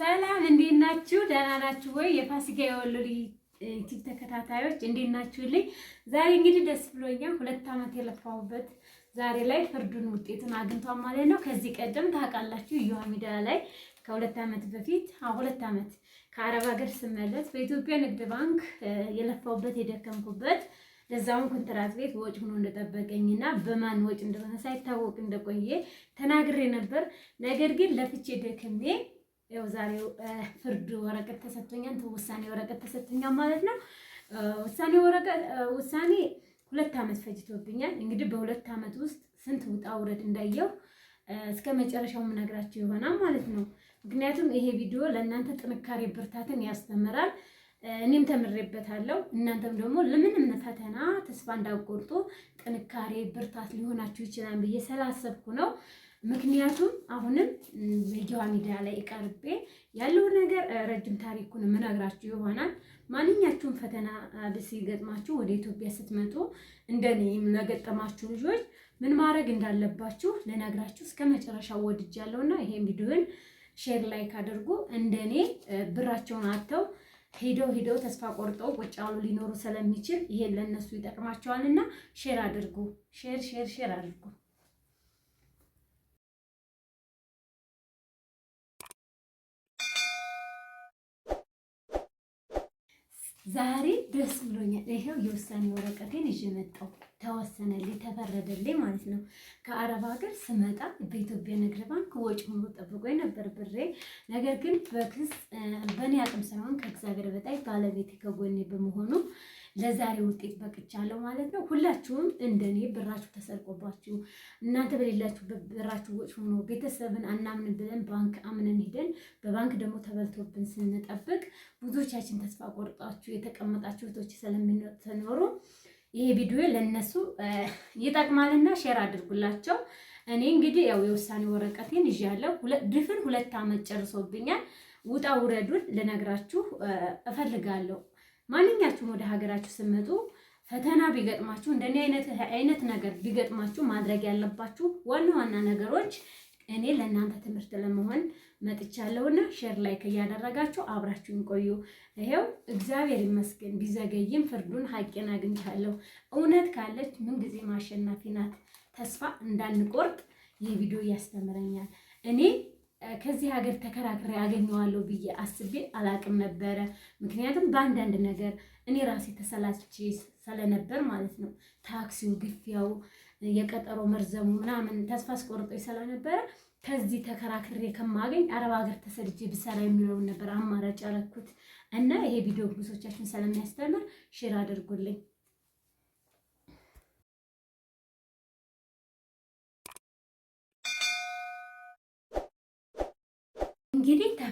ሰላም እንዴት ናችሁ? ደህና ናችሁ ወይ? የፋሲካ የወሎ ዩቲዩብ ተከታታዮች እንዴት ናችሁልኝ? ዛሬ እንግዲህ ደስ ብሎኛል። ሁለት ዓመት የለፋሁበት ዛሬ ላይ ፍርዱን ውጤቱን አግኝቷል ማለት ነው። ከዚህ ቀደም ታውቃላችሁ እዮሃ ሚዲያ ላይ ከሁለት ዓመት በፊት ሁለት ዓመት ከአረብ ሀገር ስመለስ በኢትዮጵያ ንግድ ባንክ የለፋሁበት የደከምኩበት ለዛውን ኮንትራት ቤት ወጭ ሆኖ እንደጠበቀኝና በማን ወጭ እንደሆነ ሳይታወቅ እንደቆየ ተናግሬ ነበር። ነገር ግን ለፍቼ ደክሜ ያው ዛሬው ፍርድ ወረቀት ተሰጥቶኛል፣ ውሳኔ ወረቀት ተሰጥቶኛል ማለት ነው። ውሳኔ ወረቀት ውሳኔ ሁለት ዓመት ፈጅቶብኛል። እንግዲህ በሁለት ዓመት ውስጥ ስንት ውጣ ውረድ እንዳየው እስከ መጨረሻው የምነግራቸው ይሆናል ማለት ነው። ምክንያቱም ይሄ ቪዲዮ ለእናንተ ጥንካሬ ብርታትን ያስተምራል። እኔም ተምሬበታለሁ። እናንተም ደግሞ ለምንም ፈተና ተስፋ እንዳቆርጡ ጥንካሬ፣ ብርታት ሊሆናችሁ ይችላል ብዬ ስላሰብኩ ነው። ምክንያቱም አሁንም በየዋ ሚዲያ ላይ ቀርቤ ያለው ነገር ረጅም ታሪኩን የምነግራችሁ ይሆናል። ማንኛችሁም ፈተና ሲገጥማችሁ ወደ ኢትዮጵያ ስትመጡ እንደኔ የገጠማችሁ ልጆች ምን ማድረግ እንዳለባችሁ ልነግራችሁ እስከ መጨረሻው ወድጃለሁና ይሄን ቪዲዮን ሼር ላይክ አድርጉ። እንደኔ ብራቸውን አጥተው ሄደው ሄደው ተስፋ ቆርጠው ቁጭ ያሉ ሊኖሩ ስለሚችል ይሄን ለእነሱ ይጠቅማቸዋልና ሼር አድርጉ። ሼር ሼር ሼር አድርጉ። ዛሬ ደስ ብሎኛል። ይሄው የውሳኔ ወረቀቴን ይዤ መጣሁ። ተወሰነልኝ፣ ተፈረደልኝ ማለት ነው። ከአረብ ሀገር ስመጣ በኢትዮጵያ ንግድ ባንክ ወጪ ሆኖ ጠብቆኝ ነበር ብሬ። ነገር ግን በክስ በእኔ አቅም ሳይሆን ከእግዚአብሔር በጣይ ባለቤቴ ከጎኔ በመሆኑ ለዛሬ ውጤት በቅቻለሁ ማለት ነው። ሁላችሁም እንደኔ ብራችሁ ተሰርቆባችሁ እናንተ በሌላችሁበት ብራችሁ ወጪ ሆኖ ቤተሰብን አናምን ብለን ባንክ አምነን ሄደን በባንክ ደግሞ ተበልቶብን ስንጠብቅ ብዙዎቻችን ተስፋ ቆርጣችሁ የተቀመጣችሁ እህቶች ስለምትኖሩ ይሄ ቪዲዮ ለነሱ ይጠቅማልና ሼር አድርጉላቸው። እኔ እንግዲህ ያው የውሳኔ ወረቀቴን ይዣለሁ። ድፍን ሁለት ዓመት ጨርሶብኛል። ውጣ ውረዱን ልነግራችሁ እፈልጋለሁ። ማንኛችሁም ወደ ሀገራችሁ ስትመጡ ፈተና ቢገጥማችሁ እንደኔ አይነት ነገር ቢገጥማችሁ ማድረግ ያለባችሁ ዋና ዋና ነገሮች እኔ ለእናንተ ትምህርት ለመሆን መጥቻለሁና ሼር ላይክ እያደረጋችሁ አብራችሁን ቆዩ። ይሄው እግዚአብሔር ይመስገን ቢዘገይም ፍርዱን ሀቄን አግኝቻለሁ። እውነት ካለች ምንጊዜ ማሸናፊ ናት። ተስፋ እንዳንቆርጥ ይህ ቪዲዮ ያስተምረኛል እኔ ከዚህ ሀገር ተከራክሬ አገኘዋለሁ ብዬ አስቤ አላቅም ነበረ። ምክንያቱም በአንዳንድ ነገር እኔ ራሴ ተሰላች ስለነበር ማለት ነው። ታክሲው፣ ግፊያው፣ የቀጠሮ መርዘሙ ምናምን ተስፋ አስቆርጦኝ ስለነበረ ከዚህ ተከራክሬ ከማገኝ አረብ ሀገር ተሰድጄ ብሰራ የሚለውን ነበር አማራጭ ያረኩት እና ይሄ ቪዲዮ ብዙዎቻችን ስለሚያስተምር ሼር አድርጉልኝ።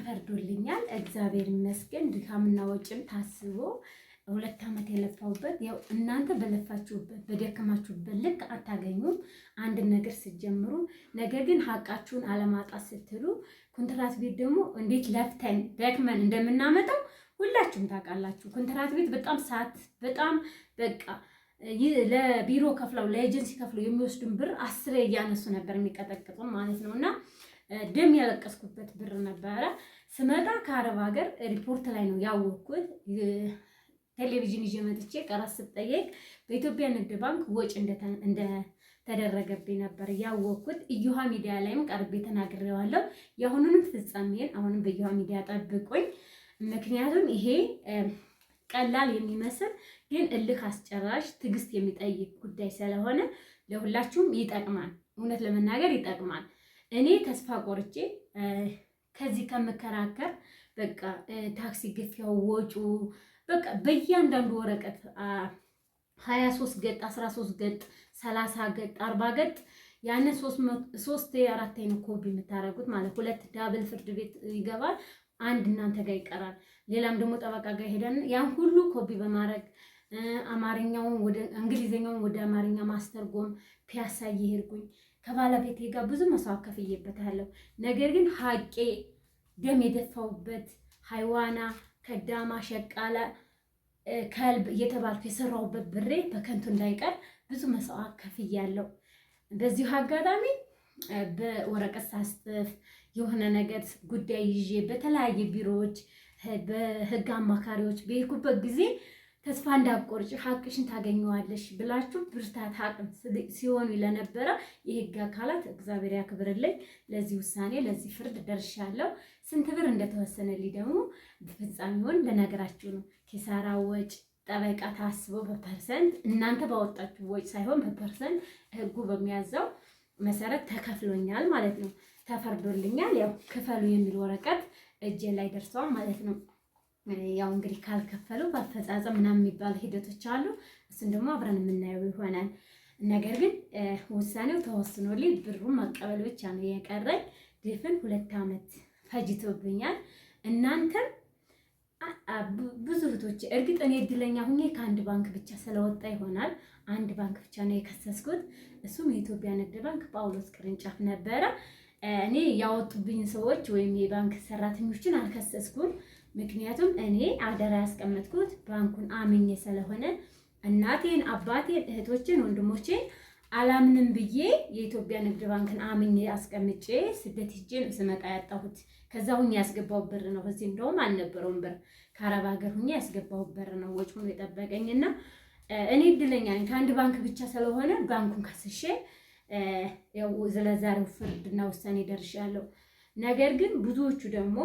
ተፈርዶልኛል። እግዚአብሔር ይመስገን። ድካምና ወጪም ታስቦ ሁለት ዓመት የለፋሁበት ያው እናንተ በለፋችሁበት በደከማችሁበት ልክ አታገኙም አንድ ነገር ስትጀምሩ። ነገር ግን ሀቃችሁን አለማጣት ስትሉ ኮንትራት ቤት ደግሞ እንዴት ለፍተን ደክመን እንደምናመጣው ሁላችሁም ታውቃላችሁ። ኮንትራት ቤት በጣም ሰዓት በጣም በቃ ለቢሮ ከፍለው ለኤጀንሲ ከፍለው የሚወስዱን ብር አስሬ እያነሱ ነበር የሚቀጠቅጡን ማለት ነው እና ደም ያለቀስኩበት ብር ነበረ። ስመጣ ከአረብ ሀገር ሪፖርት ላይ ነው ያወቅኩት። ቴሌቪዥን ይዤ መጥቼ ቀረጥ ስጠየቅ በኢትዮጵያ ንግድ ባንክ ወጪ እንደተደረገብኝ ነበር ያወቅኩት። እዮሃ ሚዲያ ላይም ቀርቤ ተናግሬዋለሁ። የአሁኑንም ፍጻሜን አሁንም በእዮሃ ሚዲያ ጠብቁኝ። ምክንያቱም ይሄ ቀላል የሚመስል ግን እልህ አስጨራሽ ትዕግስት የሚጠይቅ ጉዳይ ስለሆነ ለሁላችሁም ይጠቅማል። እውነት ለመናገር ይጠቅማል። እኔ ተስፋ ቆርጬ ከዚህ ከምከራከር በቃ ታክሲ ግፊያው ወጩ በቃ በእያንዳንዱ ወረቀት ሀያ ሶስት ገጥ አስራ ሶስት ገጥ ሰላሳ ገጥ አርባ ገጥ ያንን ሶስት አራት አይነት ኮፒ የምታደርጉት ማለት ሁለት ዳብል ፍርድ ቤት ይገባል። አንድ እናንተ ጋር ይቀራል። ሌላም ደግሞ ጠበቃ ጋር ሄደን ያን ሁሉ ኮፒ በማድረግ አማርኛውን ወደ እንግሊዝኛውን ወደ አማርኛ ማስተርጎም ፒያሳ እየሄድኩኝ ከባለቤቴ ጋር ብዙ መስዋዕት ከፍዬበታለሁ። ነገር ግን ሀቄ ደም የደፋውበት ሃይዋና ከዳማ ሸቃላ ከልብ እየተባልኩ የሰራውበት ብሬ በከንቱ እንዳይቀር ብዙ መስዋዕት ከፍያለሁ። በዚሁ አጋጣሚ በወረቀት ሳስጥፍ የሆነ ነገር ጉዳይ ይዤ በተለያየ ቢሮዎች፣ በህግ አማካሪዎች በሄድኩበት ጊዜ ተስፋ እንዳቆርጭ ሀቅሽን ታገኘዋለሽ ብላችሁ ብርታት አቅም ሲሆኑ ለነበረ የህግ አካላት እግዚአብሔር ያክብርልኝ። ለዚህ ውሳኔ ለዚህ ፍርድ ደርሻለሁ። ስንት ብር እንደተወሰነልኝ ደግሞ ፍጻሜውን ለነገራችሁ ነው። ኪሳራ ወጭ ጠበቃ ታስቦ በፐርሰንት እናንተ ባወጣችሁ ወጭ ሳይሆን በፐርሰንት ህጉ በሚያዘው መሰረት ተከፍሎኛል ማለት ነው። ተፈርዶልኛል። ያው ክፈሉ የሚል ወረቀት እጄ ላይ ደርሰዋል ማለት ነው። ያው እንግዲህ ካልከፈሉ በአፈጻጸም ምናምን የሚባሉ ሂደቶች አሉ። እሱን ደግሞ አብረን የምናየው ይሆናል። ነገር ግን ውሳኔው ተወስኖልኝ ብሩን መቀበል ብቻ ነው የቀረኝ። ድፍን ሁለት ዓመት ፈጅቶብኛል። እናንተም ብዙ እህቶች፣ እርግጥ እኔ እድለኛ ሁኜ ከአንድ ባንክ ብቻ ስለወጣ ይሆናል አንድ ባንክ ብቻ ነው የከሰስኩት። እሱም የኢትዮጵያ ንግድ ባንክ ጳውሎስ ቅርንጫፍ ነበረ። እኔ ያወጡብኝ ሰዎች ወይም የባንክ ሰራተኞችን አልከሰስኩም። ምክንያቱም እኔ አደራ ያስቀመጥኩት ባንኩን አምኜ ስለሆነ እናቴን፣ አባቴን፣ እህቶችን፣ ወንድሞቼን አላምንም ብዬ የኢትዮጵያ ንግድ ባንክን አምኜ አስቀምጬ ስደት ሄጄን ስመጣ ያጣሁት ከዛ ሁኜ ያስገባው ብር ነው። እዚህ እንደውም አልነበረውም ብር ከአረብ ሀገር ሁኜ ያስገባው ብር ነው ወጭ ሆኖ የጠበቀኝ የጠበቀኝና እኔ እድለኛ ከአንድ ባንክ ብቻ ስለሆነ ባንኩን ከስሼ ያው ስለዛሬው ፍርድና ውሳኔ ደርሻለሁ። ነገር ግን ብዙዎቹ ደግሞ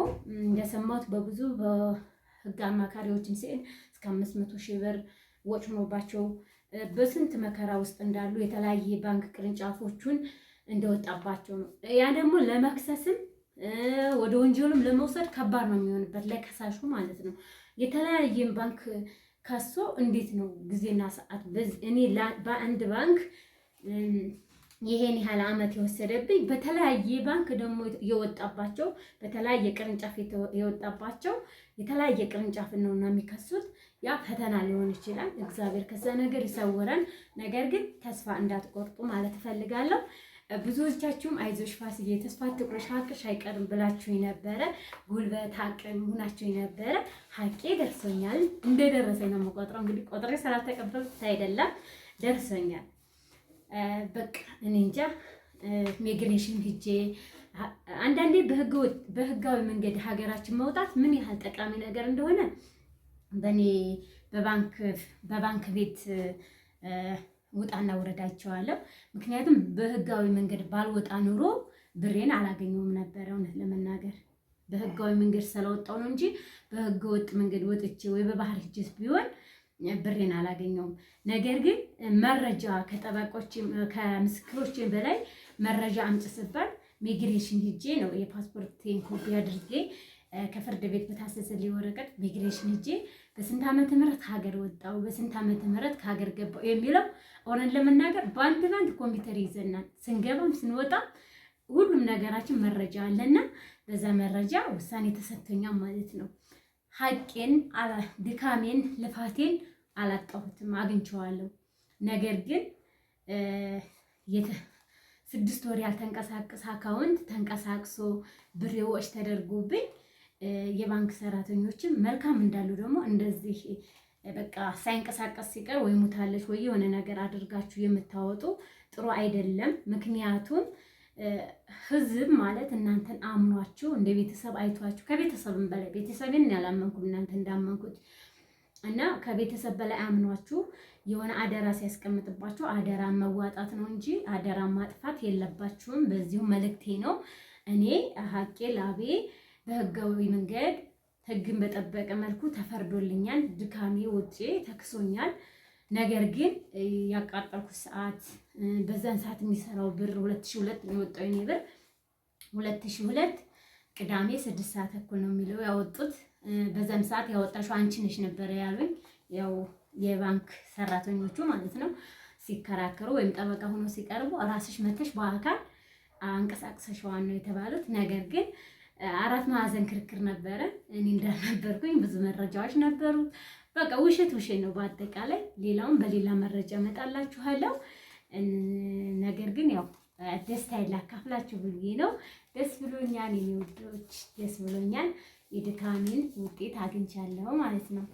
እንደሰማሁት በብዙ በህግ አማካሪዎችን ሲል እስከ አምስት መቶ ሺህ ብር ወጭኖባቸው በስንት መከራ ውስጥ እንዳሉ የተለያየ ባንክ ቅርንጫፎቹን እንደወጣባቸው ነው። ያ ደግሞ ለመክሰስም ወደ ወንጀሉም ለመውሰድ ከባድ ነው የሚሆንበት ለከሳሹ ማለት ነው። የተለያየን ባንክ ከሶ እንዴት ነው ጊዜና ሰዓት እኔ በአንድ ባንክ ይሄን ያህል አመት የወሰደብኝ በተለያየ ባንክ ደግሞ የወጣባቸው በተለያየ ቅርንጫፍ የወጣባቸው የተለያየ ቅርንጫፍ ነው ነውና የሚከሱት ያ ፈተና ሊሆን ይችላል። እግዚአብሔር ከዛ ነገር ይሰውረን። ነገር ግን ተስፋ እንዳትቆርጡ ማለት እፈልጋለሁ። ብዙዎቻችሁም አይዞሽ ፋስዬ ተስፋ አትቁረሽ ሀቅሽ አይቀርም ብላችሁ የነበረ ጉልበት አቅም ሁናችሁ የነበረ ሀቄ ደርሶኛል። እንደደረሰኝ ነው የምቆጥረው። እንግዲህ ቆጥሬ ስላልተቀበልኩት አይደለም፣ ደርሶኛል በቃ እኔ እንጃ ኢሚግሬሽን ሂጄ አንዳንዴ በህጋዊ መንገድ ሀገራችን መውጣት ምን ያህል ጠቃሚ ነገር እንደሆነ በእኔ በባንክ ቤት ውጣና ውረዳቸዋለሁ። ምክንያቱም በህጋዊ መንገድ ባልወጣ ኑሮ ብሬን አላገኘውም ነበር። እውነት ለመናገር በህጋዊ መንገድ ስለወጣው ነው እንጂ በህገ ወጥ መንገድ ወጥቼ ወይ በባህር ሂጄ ቢሆን ብሬን አላገኘውም። ነገር ግን መረጃ ከጠበቆች ከምስክሮች በላይ መረጃ አምጪ ስባል ሚግሬሽን ሂጄ ነው የፓስፖርቴን ኮፒ አድርጌ ከፍርድ ቤት በታሰሰልኝ ወረቀት ሚግሬሽን ሂጄ በስንት ዓመተ ምህረት ከሀገር ወጣው በስንት ዓመተ ምህረት ከሀገር ገባው የሚለው እውነት ለመናገር በአንድ ባንድ ኮምፒውተር ይዘናል። ስንገባም ስንወጣ ሁሉም ነገራችን መረጃ አለና በዛ መረጃ ውሳኔ ተሰጥቶኛል ማለት ነው። ሀቄን ድካሜን ልፋቴን አላጣሁትም፣ አግኝቼዋለሁ። ነገር ግን ስድስት ወር ያልተንቀሳቀሰ አካውንት ተንቀሳቅሶ ብሬዎች ወጪ ተደርጎብኝ የባንክ ሰራተኞችም መልካም እንዳሉ ደግሞ እንደዚህ በቃ ሳይንቀሳቀስ ሲቀር ወይ ሙታለች ወይ የሆነ ነገር አድርጋችሁ የምታወጡ ጥሩ አይደለም። ምክንያቱም ህዝብ ማለት እናንተን አምኗችሁ እንደ ቤተሰብ አይቷችሁ ከቤተሰብም በላይ ቤተሰብን ያላመንኩም እናንተ እንዳመንኩት እና ከቤተሰብ በላይ አምኗችሁ የሆነ አደራ ሲያስቀምጥባችሁ አደራ መዋጣት ነው እንጂ አደራ ማጥፋት የለባችሁም። በዚሁ መልእክቴ ነው። እኔ ሀቄ ላቤ በህጋዊ መንገድ ህግን በጠበቀ መልኩ ተፈርዶልኛል። ድካሜ ውጪ ተክሶኛል። ነገር ግን ያቃጠልኩት ሰዓት በዛን ሰዓት የሚሰራው ብር 2002 የሚወጣው ኔ ብር 2002 ቅዳሜ ስድስት ሰዓት እኩል ነው የሚለው ያወጡት በዛም ሰዓት ያወጣሽው አንቺ ነሽ ነበረ ያሉኝ። ያው የባንክ ሰራተኞቹ ማለት ነው ሲከራከሩ ወይም ጠበቃ ሆኖ ሲቀርቡ ራስሽ መተሽ በአካል አንቀሳቅሰሽዋን ነው የተባሉት። ነገር ግን አራት ማዕዘን ክርክር ነበረ። እኔ እንዳልነበርኩኝ ብዙ መረጃዎች ነበሩ። በቃ ውሸት ውሸት ነው። በአጠቃላይ ሌላውን በሌላ መረጃ እመጣላችኋለሁ። ደስታ ይላካፍላችሁ ብዬ ነው። ደስ ብሎኛል፣ የኔ ውዶች፣ ደስ ብሎኛል። የድካሜን ውጤት አግኝቻለሁ ማለት ነው።